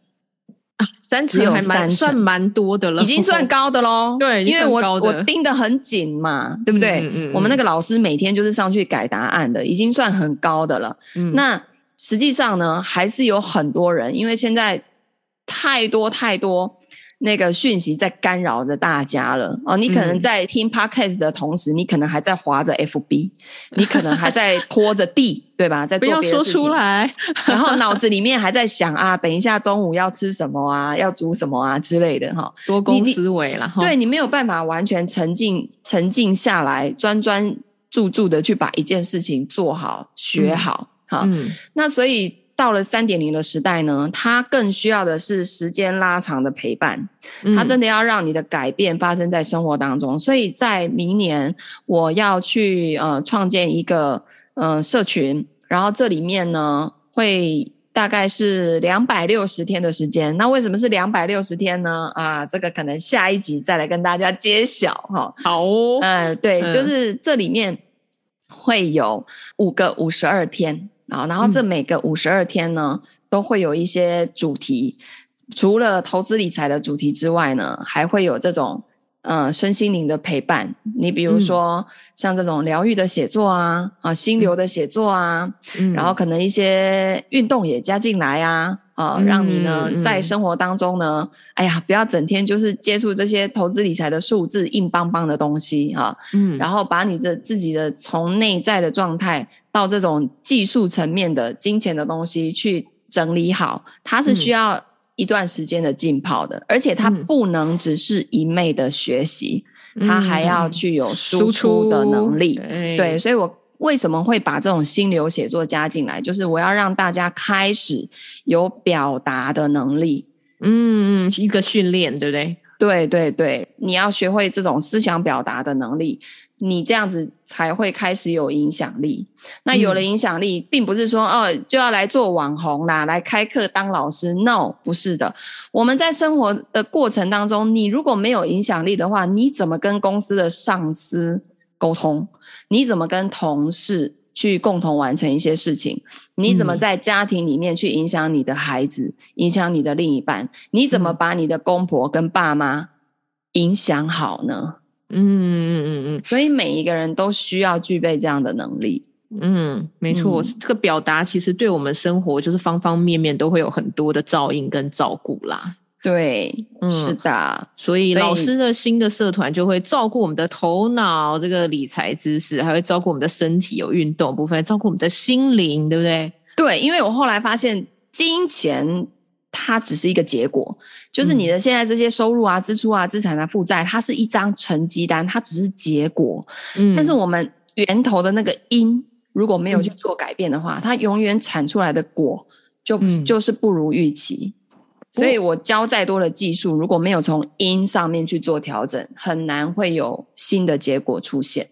啊，三成，只有三成還蠻算蠻多的了已的， [LAUGHS] 已經算高的嘍。對，因為我我盯得很緊嘛，對不對？嗯嗯嗯，我們那個老師每天就是上去改答案的，已經算很高的了。嗯、那實際上呢，還是有很多人，因為現在。太多太多那個訊息在干擾着大家了哦，你可能在聽 Podcast 的同時，嗯、你可能還在滑着 FB，你可能還在拖着地，對吧？在做別的事情不要說出來， [LAUGHS] 然後腦子裡面還在想啊，等一下中午要吃什麼啊，要煮什麼啊之類的哈，多工思維了。你你 [LAUGHS] 對你沒有辦法完全沉浸沉浸下來，專專注注的去把一件事情做好學好哈。那所以。到了三點零的時代呢，它更需要的是時間拉長的陪伴。嗯、它真的要讓你的改變發生在生活當中。所以，在明年我要去呃創建一個呃社群，然後這裡面呢會大概是兩百六十天的時間。那為什麼是兩百六十天呢？啊，這個可能下一集再來跟大家揭曉哈。好、哦，嗯、呃，對，嗯、就是這裡面會有五個五十二天。啊，然後這每個五十二天呢，嗯、都會有一些主題，除了投資理財的主題之外呢，還會有這種，呃，身心靈的陪伴。你比如說、嗯、像這種療癒的寫作啊，啊、呃，心流的寫作啊，嗯、然後可能一些運動也加進來啊。嗯、呃，讓你呢在生活當中呢，嗯、哎呀，不要整天就是接觸這些投資理財的數字硬邦邦的東西啊。嗯，然後把你的自己的從內在的狀態到這種技術層面的金錢的東西去整理好，它是需要一段時間的浸泡的，嗯、而且它不能只是一昧的學習，嗯、它還要具有輸出的能力。嗯、對，對，所以我。為什麼會把這種心流寫作加進來？就是我要讓大家開始有表達的能力。嗯，一個訓練，對不對？對對對，你要學會這種思想表達的能力，你這樣子才會開始有影響力。那有了影響力，嗯、並不是說哦就要來做網紅啦，來開課當老師。No，不是的。我們在生活的過程當中，你如果沒有影響力的話，你怎麼跟公司的上司溝通？你怎麼跟同事去共同完成一些事情？你怎麼在家庭裡面去影響你的孩子，嗯、影響你的另一半？你怎麼把你的公婆跟爸媽影響好呢？嗯嗯嗯嗯，嗯嗯，所以每一個人都需要具備這樣的能力。嗯，沒錯，嗯、這個表達其實對我們生活就是方方面面都會有很多的照應跟照顧啦。對，嗯、是的，所以老師的新的社團就會照顧我們的頭腦，這個理財知識，還會照顧我們的身體有運動部分，照顧我們的心靈，對不對？對，因為我後來發現，金錢它只是一個結果，就是你的現在這些收入啊、嗯、支出啊、啊、資產啊、負債，它是一張成績單，它只是結果。嗯、但是我們源頭的那個因，如果沒有去做改變的話，嗯、它永遠產出來的果就、嗯、就是不如預期。所以，我教再多的技術，如果沒有從因上面去做調整，很難會有新的結果出現。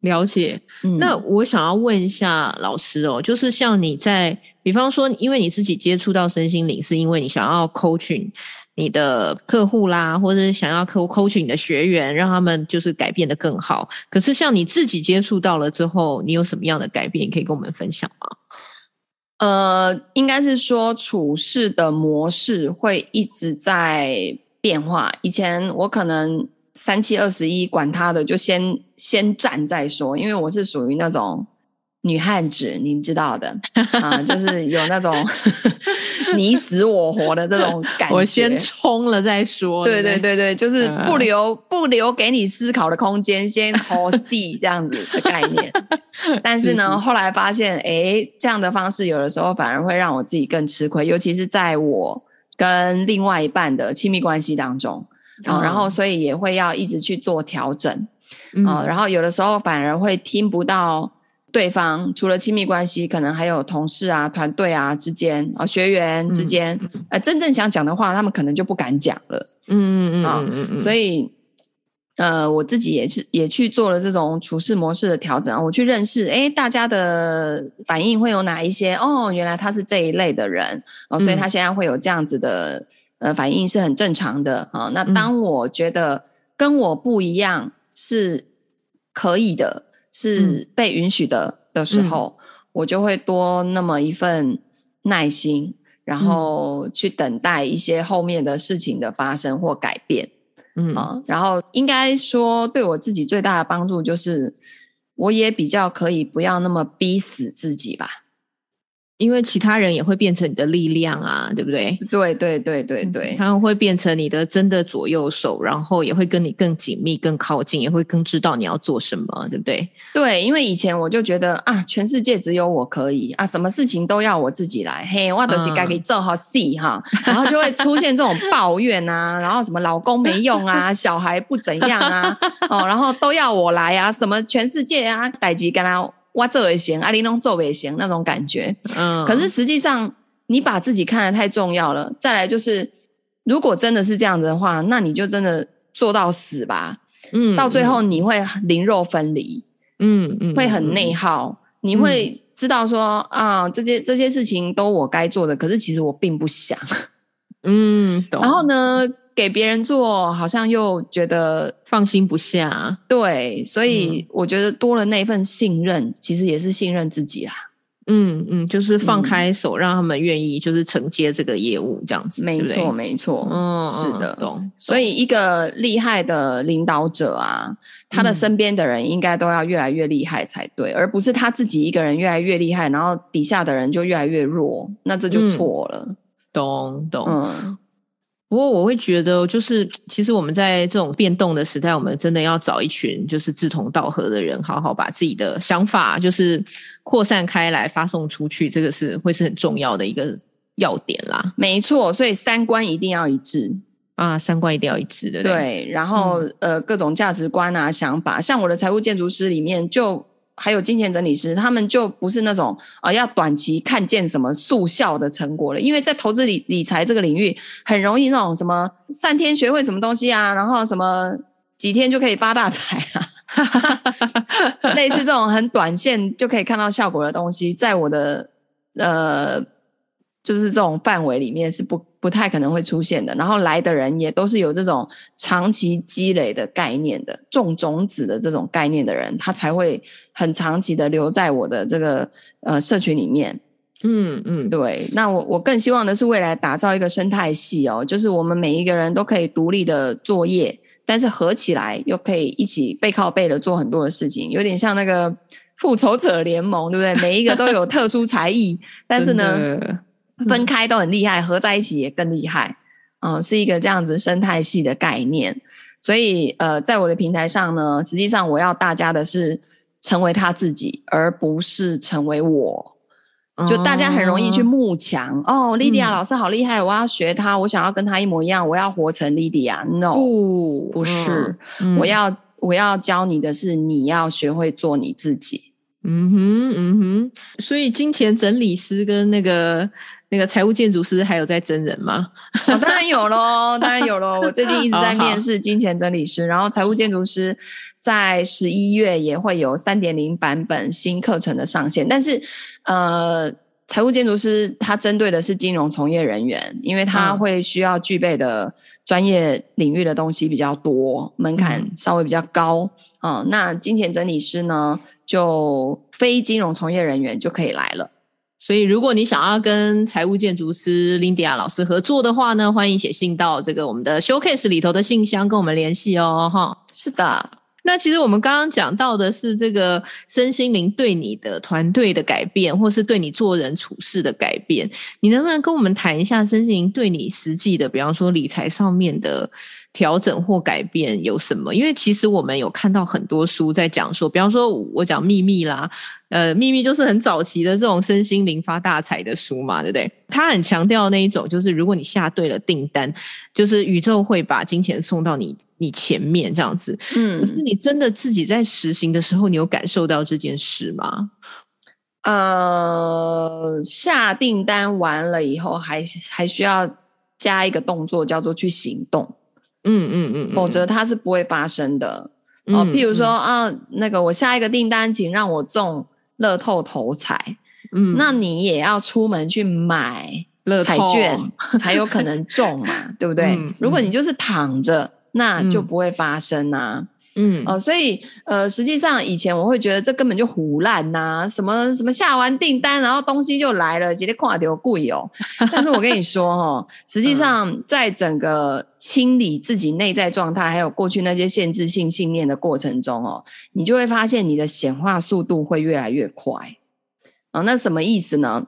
了解。嗯、那我想要問一下老師哦，就是像你在，比方說，因為你自己接觸到身心靈，是因為你想要 coaching 你的客戶啦，或者是想要 coaching 你的學員，讓他們就是改變得更好。可是像你自己接觸到了之後，你有什麼樣的改變，可以跟我們分享嗎？呃，應該是說，處事的模式會一直在變化。以前我可能三七二十一，管他的，就先先占再說，因為我是屬於那種。女漢子，你知道的啊，就是有那種 [LAUGHS] [LAUGHS] 你死我活的這種感覺。我先衝了再說。對對，對對對，就是不留 [LAUGHS] 不留給你思考的空間，先投戲這樣子的概念。 [LAUGHS] 但是呢，後來發現，誒，這樣的方式有的時候反而會讓我自己更吃虧，尤其是在我跟另外一半的親密關係當中啊。嗯、然後，所以也會要一直去做調整、嗯、啊。然後，有的時候反而會聽不到。對方除了親密關係，可能還有同事啊、團隊啊之間啊、哦、學員之間，嗯、呃，真正想講的話，他們可能就不敢講了。嗯、哦、嗯嗯嗯，所以，呃，我自己也是也去做了這種處事模式的調整啊、哦。我去認識，哎，大家的反應會有哪一些？哦，原來他是這一類的人哦，所以他現在會有這樣子的、嗯、呃，反應是很正常的啊、哦。那當我覺得跟我不一樣是可以的。是被允許的、嗯、的時候，嗯、我就會多那麼一份耐心，然後去等待一些後面的事情的發生或改變。嗯、啊，然後應該說對我自己最大的幫助就是，我也比較可以不要那麼逼死自己吧。因為其他人也會變成你的力量啊，對不對？對對對對對、嗯，他們會變成你的真的左右手，然後也會跟你更緊密、更靠近，也會更知道你要做什麼，對不對？對，因為以前我就覺得啊，全世界只有我可以啊，什麼事情都要我自己來，嘿，我都是自己做好事哈，然後就會出現這種抱怨啊， [LAUGHS] 然後什麼老公沒用啊， [LAUGHS] 小孩不怎樣啊，哦，然後都要我來啊，什麼全世界啊，傣吉跟他。我做也行，阿玲弄做也行，那種感覺。嗯。可是實際上，你把自己看得太重要了。再來就是，如果真的是這樣子的話，那你就真的做到死吧。嗯。嗯，到最後你會靈肉分離，嗯。嗯嗯。會很內耗，嗯，你會知道說啊，這些這些事情都我該做的，可是其實我並不想。嗯。懂。然後呢？給別人做好像又覺得放心不下，對，所以我覺得多了那份信任，嗯、其實也是信任自己啦。嗯嗯，就是放開手，嗯、讓他們願意就是承接這個業務這樣子，沒錯沒錯。沒錯嗯，是的，嗯、懂。懂，所以一個厲害的領導者啊，嗯、他的身邊的人應該都要越來越厲害才對，而不是他自己一個人越來越厲害，然後底下的人就越來越弱，那這就錯了。懂、嗯、懂。懂嗯不過我會覺得，就是其實我們在這種變動的時代，我們真的要找一群就是志同道合的人，好好把自己的想法就是擴散開來，發送出去，這個是會是很重要的一個要點啦。沒錯，所以三觀一定要一致啊，三觀一定要一致的。對，對，對，然後、嗯、呃，各種價值觀啊、想法，像我的財務建築師裡面就。還有金錢整理師，他們就不是那種啊，要短期看見什麼速效的成果了。因為在投資理理財這個領域，很容易那種什麼三天學會什麼東西啊，然後什麼幾天就可以發大財哈、啊、 [LAUGHS] 類似這種很短線就可以看到效果的東西，在我的呃。就是這種範圍裡面是不不太可能會出現的，然後來的人也都是有這種長期積累的概念的，種種子的這種概念的人，他才會很長期的留在我的這個呃社群裡面。嗯嗯，嗯對。那我我更希望的是未來打造一個生態系哦，就是我們每一個人都可以獨立的作業，但是合起來又可以一起背靠背的做很多的事情，有點像那個復仇者聯盟，對不對？每一個都有特殊才藝， [LAUGHS] 但是呢。分開都很厲害，合在一起也更厲害。嗯、呃，是一個這樣子生態系的概念。所以，呃，在我的平台上呢，實際上我要大家的是成為他自己，而不是成為我。就大家很容易去慕強哦，哦、莉迪亞老師好厲害，嗯、我要學他，我想要跟他一模一樣，我要活成莉迪亞。No，不不是，哦嗯、我要我要教你的是，你要學會做你自己。嗯哼，嗯哼。所以，金錢整理師跟那個。那個財務建築師還有在徵人嗎？哦？當然有咯，當然有咯。 [LAUGHS] 我最近一直在面試金錢整理師，哦、然後財務建築師在十一月也會有三點零版本新課程的上線。但是呃，財務建築師他針對的是金融從業人員，因為他會需要具備的專業領域的東西比較多，門檻稍微比較高。嗯，嗯，那金錢整理師呢，就非金融從業人員就可以來了。所以，如果你想要跟財務建築師 Lidia 老師合作的話呢，歡迎寫信到這個我們的 Showcase 裡頭的信箱跟我們聯繫哦。哈，是的。那其實我們剛剛講到的是這個身心靈對你的團隊的改變，或是對你做人處事的改變，你能不能跟我們談一下身心靈對你實際的，比方說理財上面的？調整或改變有什麼？因為其實我們有看到很多書在講說，比方說我講秘密啦，呃，秘密就是很早期的這種身心靈發大財的書嘛，對不對？他很強調那一種，就是如果你下對了訂單，就是宇宙會把金錢送到你你前面這樣子。嗯，可是你真的自己在實行的時候，你有感受到這件事嗎？呃，下訂單完了以後，還還需要加一個動作，叫做去行動。嗯，嗯嗯嗯，否則它是不會發生的。哦，譬如說嗯嗯啊，那個我下一個訂單，請讓我中樂透頭彩。嗯，那你也要出門去買樂透彩券，才有可能中嘛，樂透 [LAUGHS] 對不對？嗯嗯如果你就是躺着，那就不會發生啊。嗯嗯，哦、呃，所以，呃，實際上以前我會覺得這根本就唬爛吶，什麼什麼下完訂單然後東西就來了，直接跨掉貴哦。但是我跟你說哦， [LAUGHS] 實際上在整個清理自己內在狀態，嗯、還有過去那些限制性信念的過程中哦，你就會發現你的顯化速度會越來越快。啊、呃，那什麼意思呢？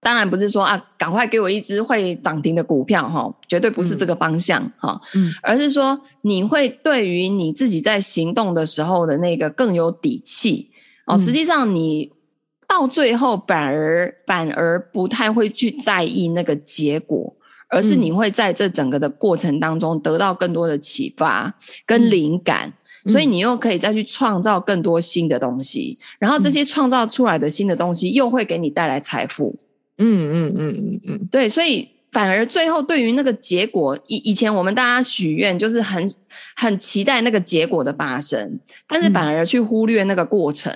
當然不是說啊，趕快給我一只會漲停的股票哈，絕對不是這個方向哈，嗯，而是說你會對於你自己在行動的時候的那個更有底氣，嗯，哦，實際上，你到最後反而反而不太會去在意那個結果，而是你會在這整個的過程當中得到更多的啟發跟靈感，嗯，所以你又可以再去創造更多新的東西，然後這些創造出來的新的東西又會給你帶來財富。嗯嗯嗯嗯嗯，嗯嗯嗯對，所以反而最後對於那個結果，以以前我們大家許願就是很很期待那個結果的發生，但是反而去忽略那個過程。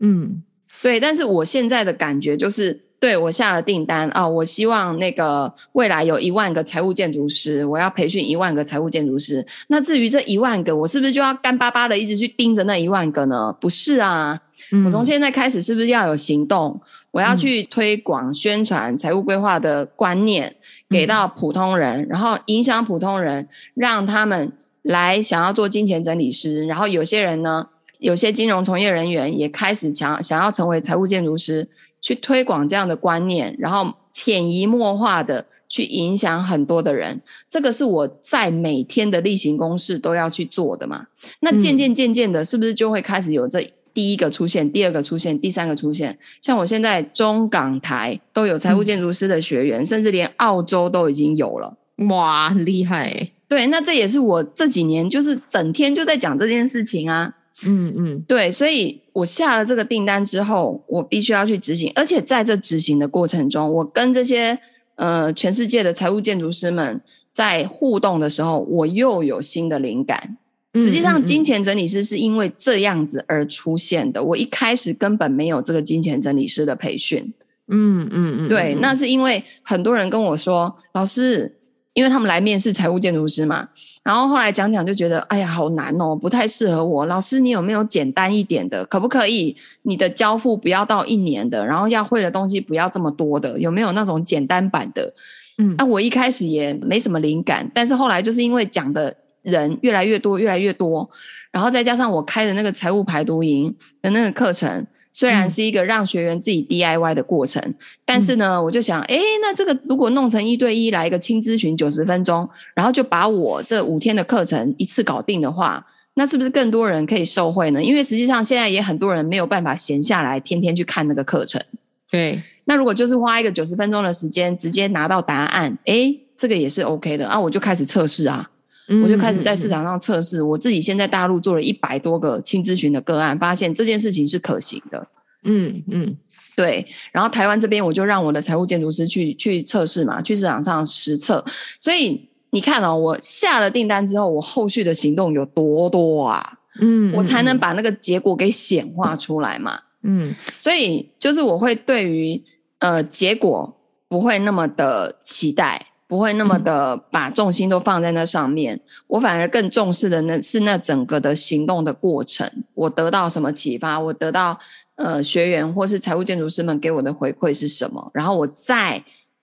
嗯，嗯對。但是我現在的感覺就是，對我下了訂單啊，哦，我希望那個未來有一萬個財務建築師，我要培訓一萬個財務建築師。那至於這一萬個，我是不是就要乾巴巴的一直去盯着那一萬個呢？不是啊。我從現在開始是不是要有行動？我要去推廣宣傳財務規劃的觀念給到普通人，然後影響普通人，讓他們來想要做金錢整理師。然後有些人呢，有些金融從業人員也開始想想要成為財務建築師，去推廣這樣的觀念，然後潛移默化的去影響很多的人。這個是我在每天的例行公事都要去做的嘛？那漸漸漸漸的，是不是就會開始有這？第一個出現，第二個出現，第三個出現。像我現在中港台都有財務建築師的學員，嗯、甚至連澳洲都已經有了。哇，很厲害。對，那這也是我這幾年就是整天就在講這件事情啊。嗯嗯，對，所以我下了這個訂單之後，我必須要去執行。而且在這執行的過程中，我跟這些呃全世界的財務建築師們在互動的時候，我又有新的靈感。.實際上，金錢整理師是因為這樣子而出現的。我一開始根本沒有這個金錢整理師的培訓，嗯。嗯嗯嗯，對，那是因為很多人跟我說，老師，因為他們來面試財務建築師嘛，然後後來講講就覺得，哎呀，好難哦，不太適合我。老師，你有沒有簡單一點的？可不可以？你的交付不要到一年的，然後要會的東西不要這麼多的，有沒有那種簡單版的？嗯，那、啊、我一開始也沒什麼靈感，但是後來就是因為講的。人越來越多，越來越多，然後再加上我開的那個財務排毒營的那個課程，雖然是一個讓學員自己 DIY 的過程，但是呢，我就想，哎，那這個如果弄成一對一來一個輕諮詢九十分鐘，然後就把我這五天的課程一次搞定的話，那是不是更多人可以受惠呢？因為實際上現在也很多人沒有辦法閒下來，天天去看那個課程。對，那如果就是花一個九十分鐘的時間，直接拿到答案，哎，這個也是 OK 的啊，我就開始測試啊。我就開始在市場上測試，嗯嗯嗯，我自己先在大陸做了一百多個輕諮詢的個案，發現這件事情是可行的。嗯嗯，對。然後台灣這邊，我就讓我的財務建築師去去測試嘛，去市場上實測。所以你看哦，我下了訂單之後，我後續的行動有多多啊？嗯，嗯，嗯，我才能把那個結果給顯化出來嘛。嗯，所以就是我會對於呃結果不會那麼的期待。不會那麼的把重心都放在那上面，嗯、我反而更重視的是那整個的行動的過程。我得到什麼啟發？我得到呃學員或是財務建築師們給我的回饋是什麼？然後我再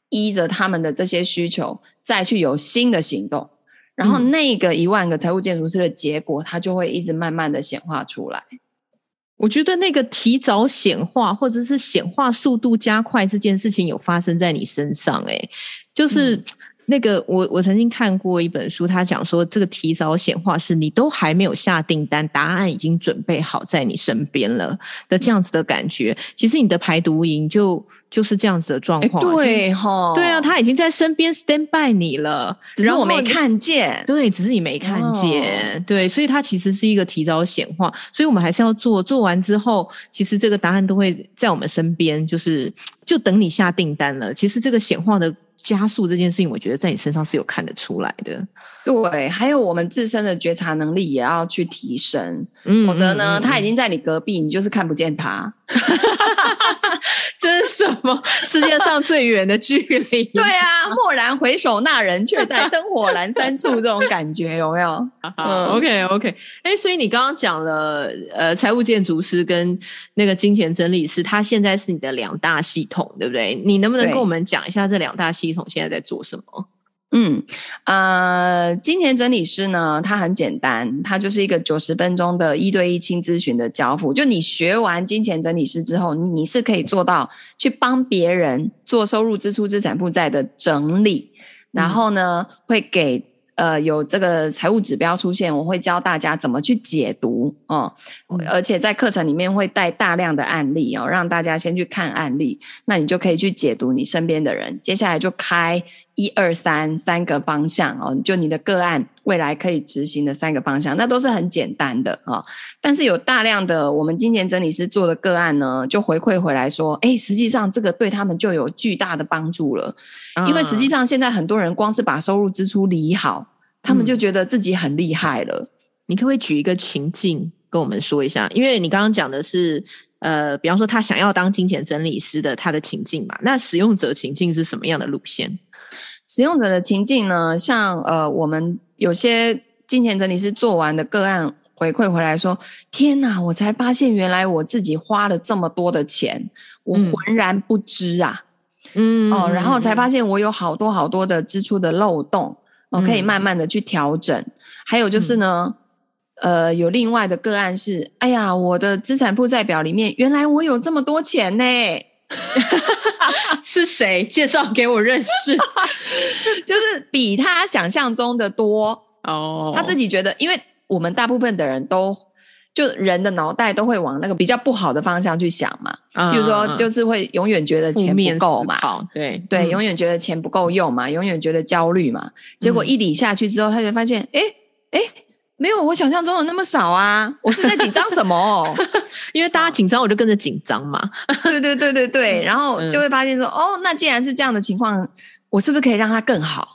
依着他們的這些需求，再去有新的行動。然後那個一萬個財務建築師的結果，它就會一直慢慢的顯化出來。我覺得那個提早顯化，或者是顯化速度加快這件事情，有發生在你身上誒、欸。就是那個、嗯、我我曾經看過一本書，他講說這個提早顯化是你都還沒有下訂單，答案已經準備好在你身邊了的這樣子的感覺。嗯、其實你的排毒營就就是這樣子的狀況、啊欸，對哈、哦就是，對啊，他已經在身邊 stand by 你了，只是我沒看見，對，只是你沒看見，哦、對，所以它其實是一個提早顯化，所以我們還是要做，做完之後，其實這個答案都會在我們身邊，就是就等你下訂單了。其實這個顯化的。加速這件事情，我覺得在你身上是有看得出來的。對，還有我們自身的覺察能力也要去提升，嗯嗯嗯，否則呢，他已經在你隔壁，你就是看不見他。哈哈哈哈哈！ [LAUGHS] 這是什麼世界上最遠的距離？ [LAUGHS] 對啊，驀然回首，那人卻在燈火闌珊處，這種感覺有沒有？好好嗯，OK OK、欸。哎，所以你剛剛講了，呃，財務建築師跟那個金錢整理師，他現在是你的兩大系統，對不對？你能不能跟我們講一下這兩大系統現在在做什麼？嗯，呃，金錢整理師呢，它很簡單，它就是一個九十分鐘的一對一清諮詢的交付。就你學完金錢整理師之後，你是可以做到去幫別人做收入、支出、資產、負債的整理。然後呢，嗯、會給呃有這個財務指標出現，我會教大家怎麼去解讀哦。嗯、而且在課程裡面會帶大量的案例哦，讓大家先去看案例，那你就可以去解讀你身邊的人。接下來就開。一二三三個方向哦，就你的個案未來可以執行的三個方向，那都是很簡單的啊、哦。但是有大量的我們金錢整理師做的個案呢，就回饋回來說，哎，實際上這個對他們就有巨大的幫助了。嗯、因為實際上現在很多人光是把收入支出理好，他們就覺得自己很厲害了、嗯。你可不可以舉一個情境跟我們說一下？因為你剛剛講的是呃，比方說他想要當金錢整理師的他的情境嘛，那使用者情境是什麼樣的路線？使用者的情境呢，像呃，我們有些金錢整理師做完的個案回饋回來說，天哪，我才發現原來我自己花了這麼多的錢，我渾然不知啊，嗯，哦，然後才發現我有好多好多的支出的漏洞，我、嗯哦、可以慢慢的去調整。還有就是呢，嗯、呃，有另外的個案是，哎呀，我的資產負債表裡面，原來我有這麼多錢呢、欸。 [LAUGHS] [LAUGHS] 是誰介紹給我認識？ [LAUGHS] 就是比他想象中的多哦。Oh. 他自己覺得，因為我們大部分的人都，就人的腦袋都會往那個比較不好的方向去想嘛。比如說，就是會永遠覺得錢不夠嘛，對、嗯、對，永遠覺得錢不夠用嘛，永遠覺得焦慮嘛。結果一理下去之後，他就發現，哎哎、嗯。誒誒沒有，我想象中的那麼少啊！我是在緊張什麼？ [LAUGHS] 因為大家緊張，我就跟着緊張嘛。 [LAUGHS] 對對對對對，然後就會發現說，嗯、哦，那既然是這樣的情況，我是不是可以讓他更好？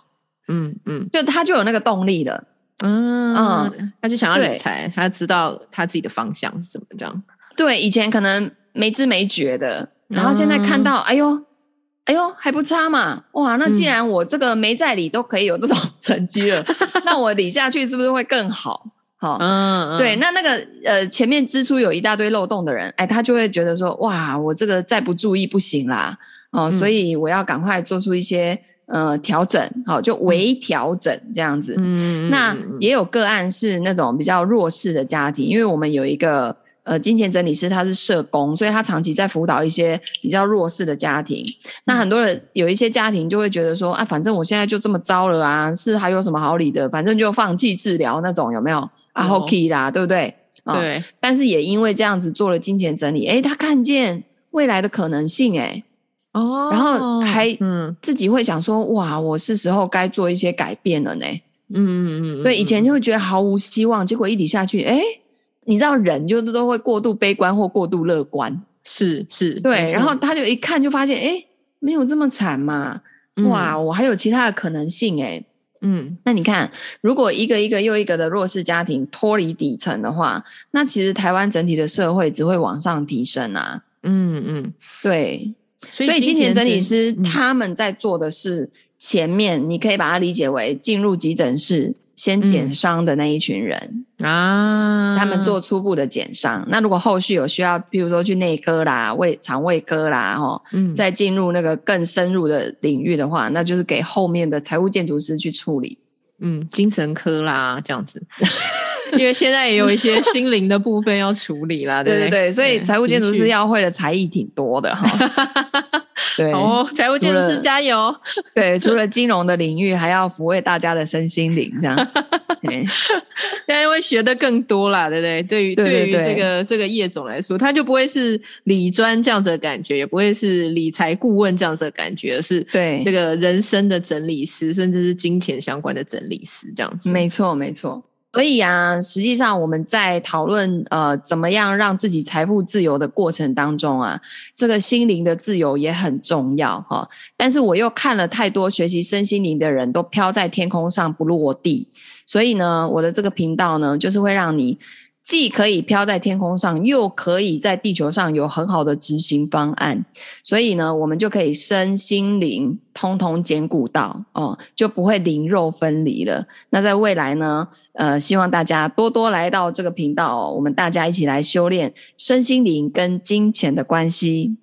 嗯嗯，嗯就他就有那個動力了。嗯嗯，他就想要理財，對他知道他自己的方向是什麼這樣。對，以前可能沒知沒覺的，然後現在看到，嗯、哎喲哎呦，還不差嘛！哇，那既然我這個沒在理都可以有這種成績了，嗯、 [LAUGHS] 那我理下去是不是會更好？好，嗯，嗯，對。那那個呃，前面支出有一大堆漏洞的人，哎、欸，他就會覺得說，哇，我這個再不注意不行啦，哦、呃，嗯、所以我要趕快做出一些呃調整，好、呃，就微調整這樣子。嗯，那也有個案是那種比較弱勢的家庭，因為我們有一個。呃，金錢整理師他是社工，所以他長期在輔導一些比較弱勢的家庭。那很多人有一些家庭就會覺得說，啊，反正我現在就這麼糟了啊，是還有什麼好理的，反正就放棄治療那種，有沒有、哦、啊？OK 啦，哦、對不對？哦、對。但是也因為這樣子做了金錢整理，誒他看見未來的可能性誒，誒哦，然後還嗯，自己會想說，嗯、哇，我是時候該做一些改變了呢。嗯嗯，嗯嗯嗯。對，以前就會覺得毫無希望，結果一理下去，誒你知道人就都會過度悲觀或過度樂觀，是是，是對。嗯、然後他就一看就發現，哎，沒有這麼慘嘛，嗯、哇，我還有其他的可能性哎、欸。嗯，那你看，如果一個一個又一個的弱勢家庭脫離底層的話，那其實台灣整體的社會只會往上提升啊。嗯嗯，嗯對。所以金錢整理師他們在做的是前面，你可以把它理解為進入急診室。先減傷的那一群人啊，嗯、他們做初步的減傷。啊、那如果後續有需要，譬如說去內科啦、胃腸胃科啦，齁，嗯，再進入那個更深入的領域的話，那就是給後面的財務建築師去處理。嗯，精神科啦這樣子， [LAUGHS] 因為現在也有一些心靈的部分要處理啦。對對對，所以財務建築師要會的才藝挺多的齁。 [LAUGHS] 對哦，財務建築師了加油！對，除了金融的領域， [LAUGHS] 還要撫慰大家的身心靈，這樣。但 [LAUGHS] 因為學的更多啦，對不對？對於對於這個這個業種來說，他就不會是理專這樣子的感覺，也不會是理財顧問這樣子的感覺，而是對這個人生的整理師，對甚至是金錢相關的整理師這樣子。沒錯，沒錯。所以啊，實際上我們在討論呃怎麼樣讓自己財富自由的過程當中啊，這個心靈的自由也很重要哈，哦。但是我又看了太多學習身心靈的人都飄在天空上不落地，所以呢，我的這個頻道呢，就是會讓你既可以飄在天空上，又可以在地球上有很好的執行方案。所以呢，我們就可以身心靈通通兼顧到哦，就不會靈肉分離了。那在未來呢？呃，希望大家多多來到這個頻道哦，我們大家一起來修煉身心靈跟金錢的關係。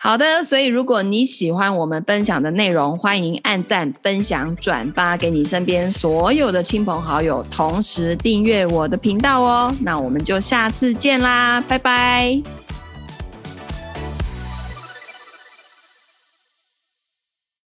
好的，所以如果你喜歡我們分享的內容，歡迎按讚、分享、轉發給你身邊所有的親朋好友，同時訂閱我的頻道哦。那我們就下次見啦，拜拜。